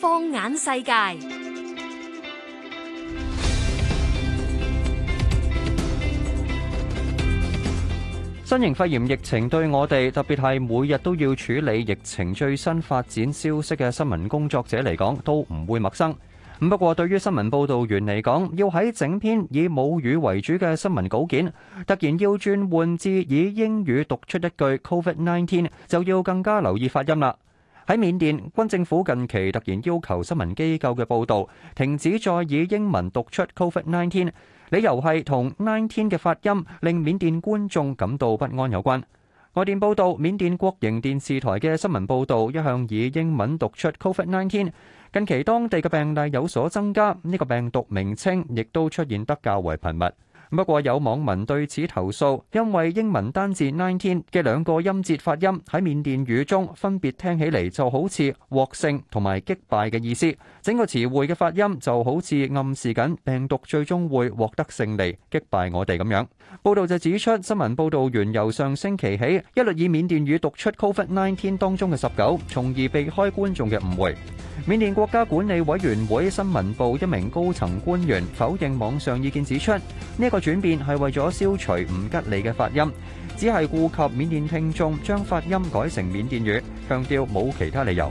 放眼世界，新型肺炎疫情對我哋，特別係每日都要處理疫情最新發展消息嘅新聞工作者嚟講，都唔會陌生。不過，對於新聞報導員嚟講，要喺整篇以母語為主嘅新聞稿件，突然要轉換至以英語讀出一句 Covid-19，就要更加留意發音啦。喺緬甸，軍政府近期突然要求新聞機構嘅報導停止再以英文讀出 Covid-19，理由係同 nineteen 嘅發音令緬甸觀眾感到不安有關。外電報導，緬甸國營電視台嘅新聞報導一向以英文讀出 Covid-19。近期當地嘅病例有所增加，呢、這個病毒名稱亦都出現得較為頻密。不過有網民對此投訴，因為英文單字 nineteen 嘅兩個音節發音喺緬甸語中分別聽起嚟就好似獲勝同埋擊敗嘅意思，整個詞彙嘅發音就好似暗示緊病毒最終會獲得勝利擊敗我哋咁樣。報道就指出，新聞報道員由上星期起一律以緬甸語讀出 Covid nineteen 當中嘅十九，從而避開觀眾嘅誤會。緬甸國家管理委員會新聞部一名高層官員否認網上意見，指出呢個轉變係為咗消除唔吉利嘅發音，只係顧及緬甸聽眾將發音改成緬甸語，強調冇其他理由。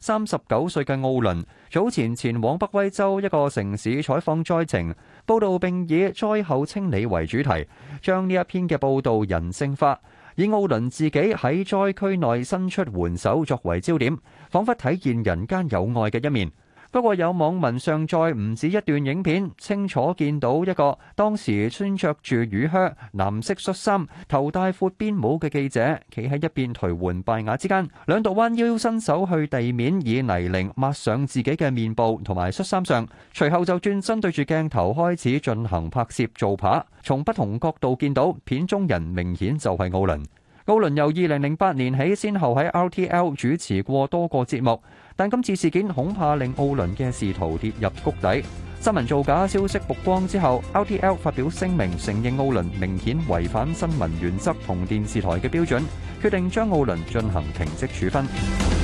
三十九歲嘅奧倫早前前往北威州一個城市採訪災情報導，並以災後清理為主題，將呢一篇嘅報導人性化，以奧倫自己喺災區內伸出援手作為焦點，彷彿體現人間有愛嘅一面。不過有網民上載唔止一段影片，清楚見到一個當時穿着住雨靴、藍色恤衫、頭戴闊邊帽嘅記者，企喺一邊頹垣敗瓦之間，兩度彎腰，腰伸手去地面，以泥濘抹上自己嘅面部同埋恤衫上，隨後就轉身對住鏡頭開始進行拍攝造假。從不同角度見到片中人，明顯就係奧倫。奧倫由二零零八年起，先後喺 RTL 主持過多個節目。但今次事件恐怕令奧倫嘅仕途跌入谷底。新聞造假消息曝光之後，RTL 發表聲明承認奧倫明顯違反新聞原則同電視台嘅標準，決定將奧倫進行停職處分。